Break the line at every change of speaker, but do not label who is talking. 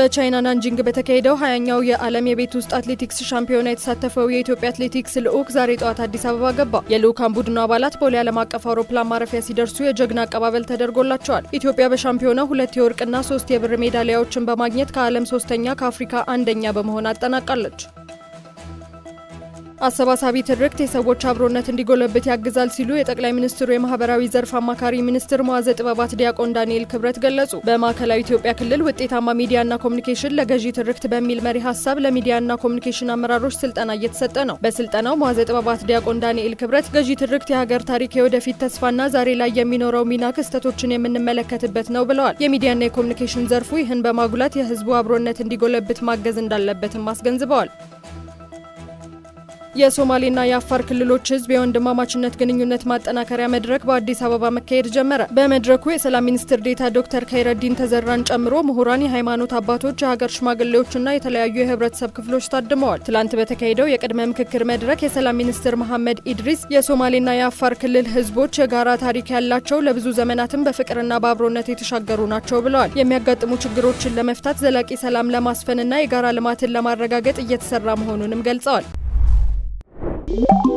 በቻይና ናንጂንግ በተካሄደው ሀያኛው የዓለም የቤት ውስጥ አትሌቲክስ ሻምፒዮና የተሳተፈው የኢትዮጵያ አትሌቲክስ ልዑክ ዛሬ ጠዋት አዲስ አበባ ገባ። የልዑካን ቡድኑ አባላት ቦሌ ዓለም አቀፍ አውሮፕላን ማረፊያ ሲደርሱ የጀግና አቀባበል ተደርጎላቸዋል። ኢትዮጵያ በሻምፒዮናው ሁለት የወርቅና ሶስት የብር ሜዳሊያዎችን በማግኘት ከዓለም ሶስተኛ፣ ከአፍሪካ አንደኛ በመሆን አጠናቃለች። አሰባሳቢ ትርክት የሰዎች አብሮነት እንዲጎለብት ያግዛል ሲሉ የጠቅላይ ሚኒስትሩ የማህበራዊ ዘርፍ አማካሪ ሚኒስትር መዋዘ ጥበባት ዲያቆን ዳንኤል ክብረት ገለጹ። በማዕከላዊ ኢትዮጵያ ክልል ውጤታማ ሚዲያና ኮሚኒኬሽን ለገዢ ትርክት በሚል መሪ ሀሳብ ለሚዲያና ኮሚኒኬሽን አመራሮች ስልጠና እየተሰጠ ነው። በስልጠናው መዋዘ ጥበባት ዲያቆን ዳንኤል ክብረት ገዢ ትርክት የሀገር ታሪክ የወደፊት ተስፋና ዛሬ ላይ የሚኖረው ሚና ክስተቶችን የምንመለከትበት ነው ብለዋል። የሚዲያና የኮሚኒኬሽን ዘርፉ ይህን በማጉላት የህዝቡ አብሮነት እንዲጎለብት ማገዝ እንዳለበትም አስገንዝበዋል። የሶማሌና የአፋር ክልሎች ህዝብ የወንድማማችነት ግንኙነት ማጠናከሪያ መድረክ በአዲስ አበባ መካሄድ ጀመረ። በመድረኩ የሰላም ሚኒስትር ዴታ ዶክተር ከይረዲን ተዘራን ጨምሮ ምሁራን፣ የሃይማኖት አባቶች፣ የሀገር ሽማግሌዎችና የተለያዩ የህብረተሰብ ክፍሎች ታድመዋል። ትላንት በተካሄደው የቅድመ ምክክር መድረክ የሰላም ሚኒስትር መሐመድ ኢድሪስ የሶማሌና የአፋር ክልል ህዝቦች የጋራ ታሪክ ያላቸው ለብዙ ዘመናትም በፍቅርና በአብሮነት የተሻገሩ ናቸው ብለዋል። የሚያጋጥሙ ችግሮችን ለመፍታት ዘላቂ ሰላም ለማስፈንና የጋራ ልማትን ለማረጋገጥ እየተሰራ መሆኑንም ገልጸዋል። Yeah.